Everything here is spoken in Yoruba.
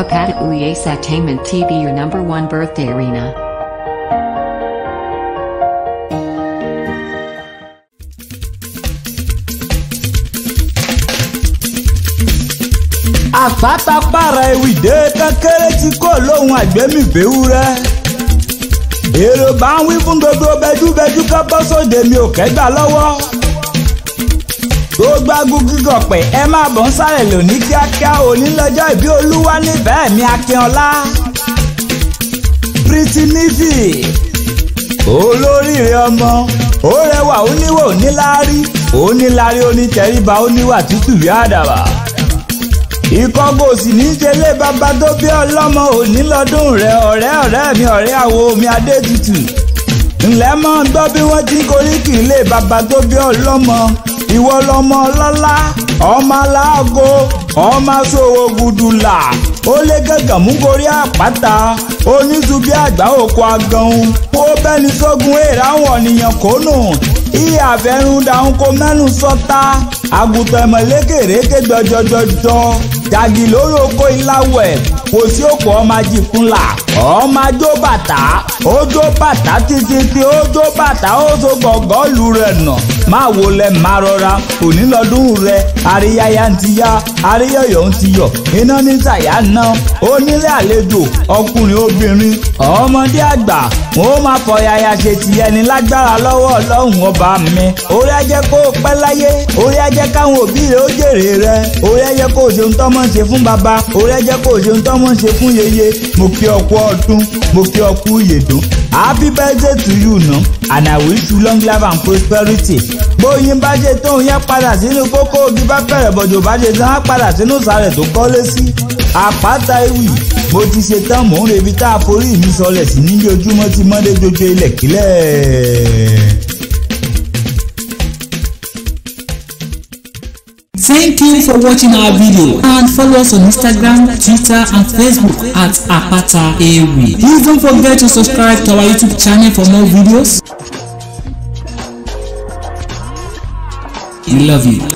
Apatauye Satainment TV your number one birthday arena. àpátápára ewìdè kékeré tí kò lóhun àgbẹ̀mìbéwú rẹ̀ èrò bá ń wí fún gbogbo bẹjúbẹjú ká bọ́ sóde mi ò gbágún gígọ̀ pẹ̀ ẹ máa bọ̀ ń sáré lò ní kíákíá òní ìbí olúwa nífẹ̀ẹ́ mi akínọlá pretty nivi olóríire ọmọ ó rẹwà ó níwò níláárí ó níláárí onítẹríba ó níwà tútù bí àdàbà ìkọ́gbó sì ní jẹlé bàbá tó bí ọlọ́mọ òní lọ́dún rẹ ọ̀rẹ́ ọ̀rẹ́ mi ọ̀rẹ́ àwo omi adétutù ńlẹ́ mọ́ ń gbọ́ bí wọ́n ti ń koríkì ilé bàbá tó bí ọlọ́mọ ìwọ lọmọ lọ́lá ọmọ aláàgó ọmọ aṣòwò gùdùlà ó lé gàngàn mú gorí àpáta oníṣubí àgbà òkú aganhun ó bẹ́ni sógun èrè àwọn ènìyàn kónù ìyá àfẹnudàhùn kò mẹ́nu sọ́ta àgùntàn ìmọ̀lékèrèké jọjọjọjọ jàgì lórí oko ìláwẹ̀ kò sí òkú ọmọ ajìkúnlà ọmọ ajó bàtà ó jó bàtà títí tí ó bàtà ó so gbọ̀ngàn lù rẹ̀ nà máa wo lẹ máa rọra òní lọ́dún rẹ àríyáyá ń ti yá àríyọ̀yọ̀ ń ti yọ̀ iná ní tàyà ná onílé àlejò ọkùnrin obìnrin ọmọdé àgbà wọn ó máa fọyàyà ṣe ti ẹni lágbára lọ́wọ́ ọlọ́run ọba mi orí ajẹ́ kó o pẹ́ láyé orí ajẹ́ káwọn òbí rẹ̀ ó jèrè rẹ orí ajẹ́ kó o ṣe ń tọ́mọ̀ ṣe fún baba orí ajẹ́ kó o ṣe ń tọ́mọ̀ ṣe fún yeye mo kí ọ ọdún mo kí ọ kú happy birthday to you na and I wish you long life and prosperity bóyin bá ṣe tóun yẹn padà sínú kókó ogi bá bẹ̀rẹ̀ bọ̀jọ̀ bá ṣe tán padà sínú sàrẹ̀ tó kọ́lé sí àpáta ewì mo ti ṣe tán mò ń rebi tá a forí mi sọlẹ̀ sí níbi ojúmọ́ ti mọ́dé jojo ilẹ̀ kílẹ̀. Thank you for watching our video and follow us on Instagram, Twitter, and Facebook at Apata Ewi. Please don't forget to subscribe to our YouTube channel for more videos. We love you.